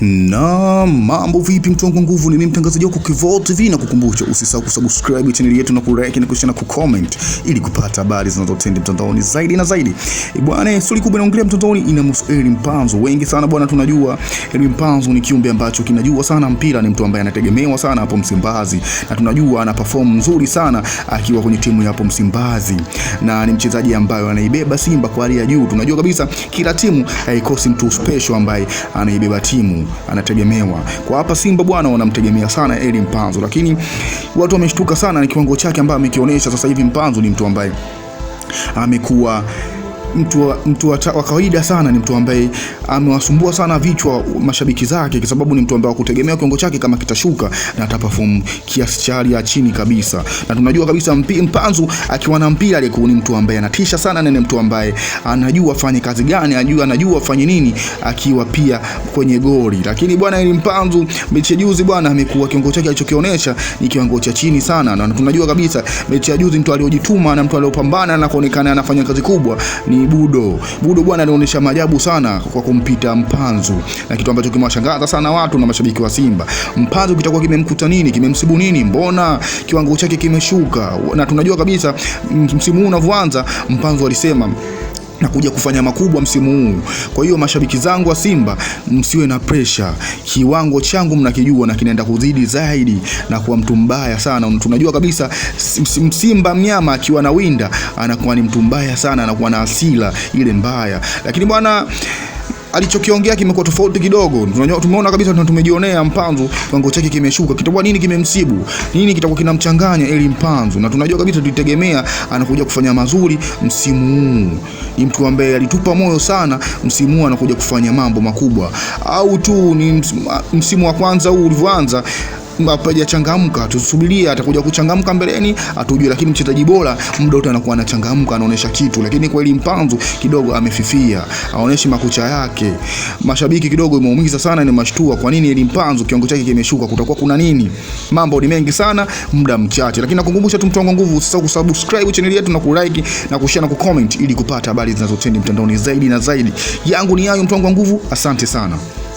Na mambo vipi, mtu wangu nguvu, ni mimi mtangazaji wako Kevoo TV, na kukumbusha usisahau kusubscribe channel yetu na kulike na kushare na kucomment ili kupata habari zinazotendi mtandaoni zaidi na zaidi. E bwana, suli kubwa inaongelea mtandaoni inamhusu Eri Mpanzu. Wengi sana bwana, tunajua Eri Mpanzu ni kiumbe ambacho kinajua sana mpira, ni mtu ambaye anategemewa sana hapo Msimbazi, na tunajua ana perform nzuri sana akiwa kwenye timu ya hapo Msimbazi, na ni mchezaji ambaye anaibeba Simba kwa hali ya juu. Tunajua kabisa kila timu haikosi mtu special ambaye anaibeba timu anategemewa. Kwa hapa Simba bwana wanamtegemea sana Eli Mpanzu, lakini watu wameshtuka sana na kiwango chake ambaye amekionyesha sasa hivi. Mpanzu ni mtu ambaye amekuwa mtu, mtu wa kawaida sana, ni mtu ambaye amewasumbua sana vichwa mashabiki zake, kwa sababu ni mtu ambaye akutegemea kiwango chake kama kitashuka na ataperform kiasi cha hali ya chini kabisa, na tunajua kabisa mpi, Mpanzu akiwa na mpira alikuwa ni mtu ambaye anatisha sana na ni mtu ambaye anajua afanye kazi gani, anajua anajua afanye nini akiwa pia kwenye goli. Lakini bwana ili Mpanzu mechi juzi bwana, amekuwa kiwango chake alichokionyesha ni kiwango cha chini sana, na tunajua kabisa mechi ya juzi mtu aliyojituma na mtu aliyopambana na kuonekana anafanya kazi kubwa ni Budo. Budo bwana alionyesha maajabu sana kwa kumpita Mpanzu, na kitu ambacho kimewashangaza sana watu na mashabiki wa Simba. Mpanzu kitakuwa kimemkuta nini, kimemsibu nini? Mbona kiwango chake kimeshuka? Na tunajua kabisa msimu huu unavyoanza, Mpanzu alisema na kuja kufanya makubwa msimu huu. Kwa hiyo mashabiki zangu wa Simba, msiwe na pressure. Kiwango changu mnakijua na kinaenda kuzidi zaidi na kuwa mtu mbaya sana. Tunajua kabisa Simba mnyama akiwa na winda anakuwa ni mtu mbaya sana, anakuwa na hasira ile mbaya, lakini bwana alichokiongea kimekuwa tofauti kidogo. Tumeona kabisa na tumejionea Mpanzu kiwango chake kimeshuka. Kitakuwa nini kimemsibu? Nini kitakuwa kinamchanganya ili Mpanzu? Na tunajua kabisa tulitegemea anakuja kufanya mazuri msimu huu. Ni mtu ambaye alitupa moyo sana msimu huu, anakuja kufanya mambo makubwa. Au tu ni msimu wa kwanza huu ulivyoanza hajachangamka, tusubirie atakuja kuchangamka mbeleni atujue, lakini mchezaji bora muda wote anakuwa anachangamka, anaonesha kitu. Lakini kweli Mpanzu kidogo amefifia, aoneshi makucha yake. Mashabiki kidogo imeumiza sana, ni mashtua. Kwa nini ili Mpanzu kiwango chake kimeshuka? Kutakuwa kuna nini? Mambo ni mengi sana, muda mchache, lakini nakukumbusha tu mtu wangu nguvu, usisahau kusubscribe channel yetu na kulike na kushare na kucomment ili kupata habari zinazotendi mtandaoni zaidi na zaidi. Yangu ni hayo mtu wangu nguvu, asante sana.